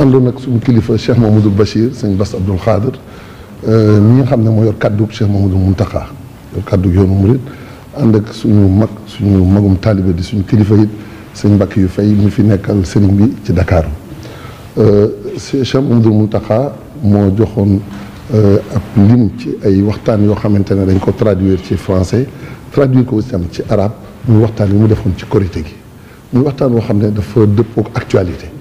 àndoon nag suñu kilifa Cheikh Mamadou Bachir sëñ Bass Abdoul Khadir mi nga xam ne moo yor kaddu Cheikh Mamadou Mountakha yor kaddu yoonu murid ànd ak suñu mag suñu magum taalibe di suñu kilifa it sëñ mbàkk yu fay mi fi nekkal sëriñ bi ci Dakar Cheikh Mamadou Mountakha moo joxoon ab lim ci ay waxtaan yoo xamante ne dañ ko traduire ci français traduire ko itam ci arabe muy waxtaan yi mu defoon ci korité gi muy waxtaan woo xam ne dafa dëppook actualité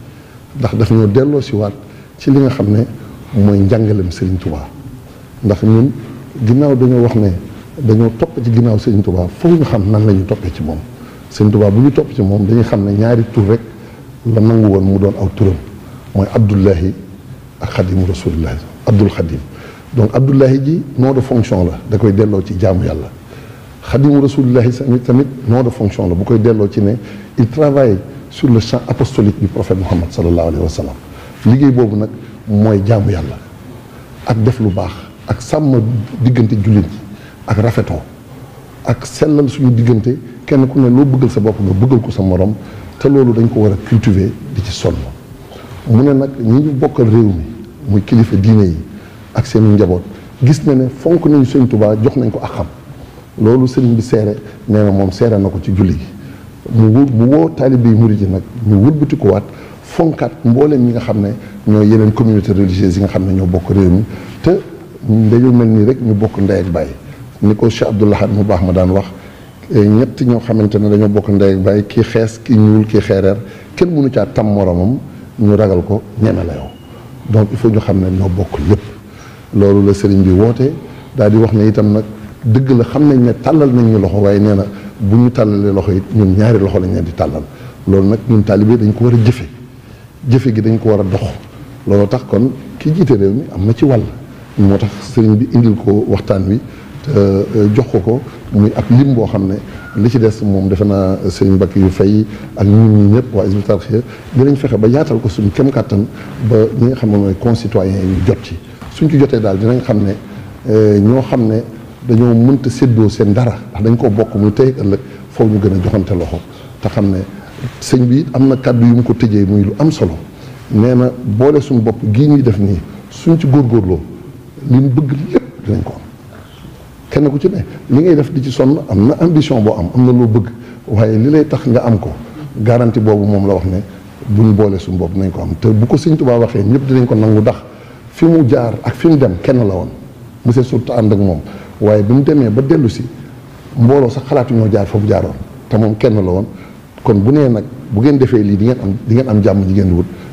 ndax daf ñoo delloo si waat ci li nga xam ne mooy njàngalem Serigne Touba ndax ñun ginnaaw dañoo wax ne dañoo topp ci ginnaaw Serigne Touba foog ñu xam nan la ñu toppee ci moom Serigne Touba bu ñu topp ci moom dañuy xam ne ñaari tur rek la nangu woon mu doon aw turam mooy Abdullahi ak Xadimu Rasulillahi Abdul Xadim donc Abdullahi ji nom de fonction la da koy delloo ci jaamu yàlla Xadimu Rasulillahi tamit tamit de fonction la bu koy delloo ci ne il travaille sur le champ apostolique du prophète Muhammad sallallahu alayhi wa sallam liggéey boobu nag mooy jaamu yàlla ak def lu baax ak sàmm diggante jullit yi ak rafetoo ak sellal suñu diggante kenn ku ne loo bëggal sa bopp nga bëggal ko sa moroom te loolu dañ ko war a cultiver di ci sonn mu ne nag ñi ñu bokkal réew mi muy kilifa diine yi ak seenu njaboot gis na ne fonk nañu sëñ Tuubaa jox nañ ko ak xam loolu sëriñ bi seere nee na moom seere na ko ci julli gi mu wut mu woo taalibe yi murid yi nag ñu wëlbatikuwaat fonkaat mbooleem ñi nga xam ne ñooy yeneen communauté religieuse yi nga xam ne ñoo bokk réew mi te dañoo mel nii rek ñu bokk nday ak bàyyi ni ko Cheikh Abdoul Ahad mu baax ma daan wax eh, ñett ñoo xamante ne dañoo bokk ndey ak bàyyi kii xees kii ñuul kii xeereer kenn mënu caa tam moromam ñu ragal ko ñeme la yow donc il faut ñu xam ne ñoo bokk lépp loolu la sëriñ bi woote daal di wax ne itam nag dëgg la xam nañ ne tàllal nañ ñu loxo waaye nee na bu ñu tàllalee loxo yi ñun ñaari loxo lañ leen di tàllal loolu nag ñun taalibe dañ ko war a jëfe jëfe gi dañ ko war a dox loolu tax kon ki jiite réew mi am na ci wàll moo tax sëriñ bi indil ko waxtaan wi te euh, jox ko ko muy ak lim boo xam ne li ci des moom defe naa sëriñ bakk yu fay ak ñun ñi ñëpp waa Hizbut Tarqiyyah dinañ fexe ba yaatal ko suñ kem kàttan ba ñi nga xam ne mooy concitoyens yi jot ci suñ ci jotee daal dinañ xam ne euh, ñoo xam ne dañoo mënta séddoo seen dara ndax dañ ko bokk muy tey ëllëg foofu ñu gën a joxante loxo te xam ne sëñ bi am na kàddu yu mu ko tëjee muy lu am solo nee na boole suñu bopp gii ñuy def nii suñ ci góor góorgóorloo li ñu bëgg lépp dinañ ko am kenn ku ci ne li ngay def di ci sonn am na ambition boo am am na loo bëgg waaye li lay tax nga am ko garanti boobu moom la wax ne buñ boole suñu bopp nañ ko am te bu ko sëñ Tuubaa waxee ñëpp dinañ ko nangu ndax fi mu jaar ak fi mu dem kenn la woon monsieur surtout ànd ak moom waaye bi mu demee ba dellu si mbooloo sax xalaatu jaar fa mu jaaroon te moom kenn la woon kon bu nee nag bu ngeen defee lii di ngeen am di ngeen am jàmm ñi ngeen wut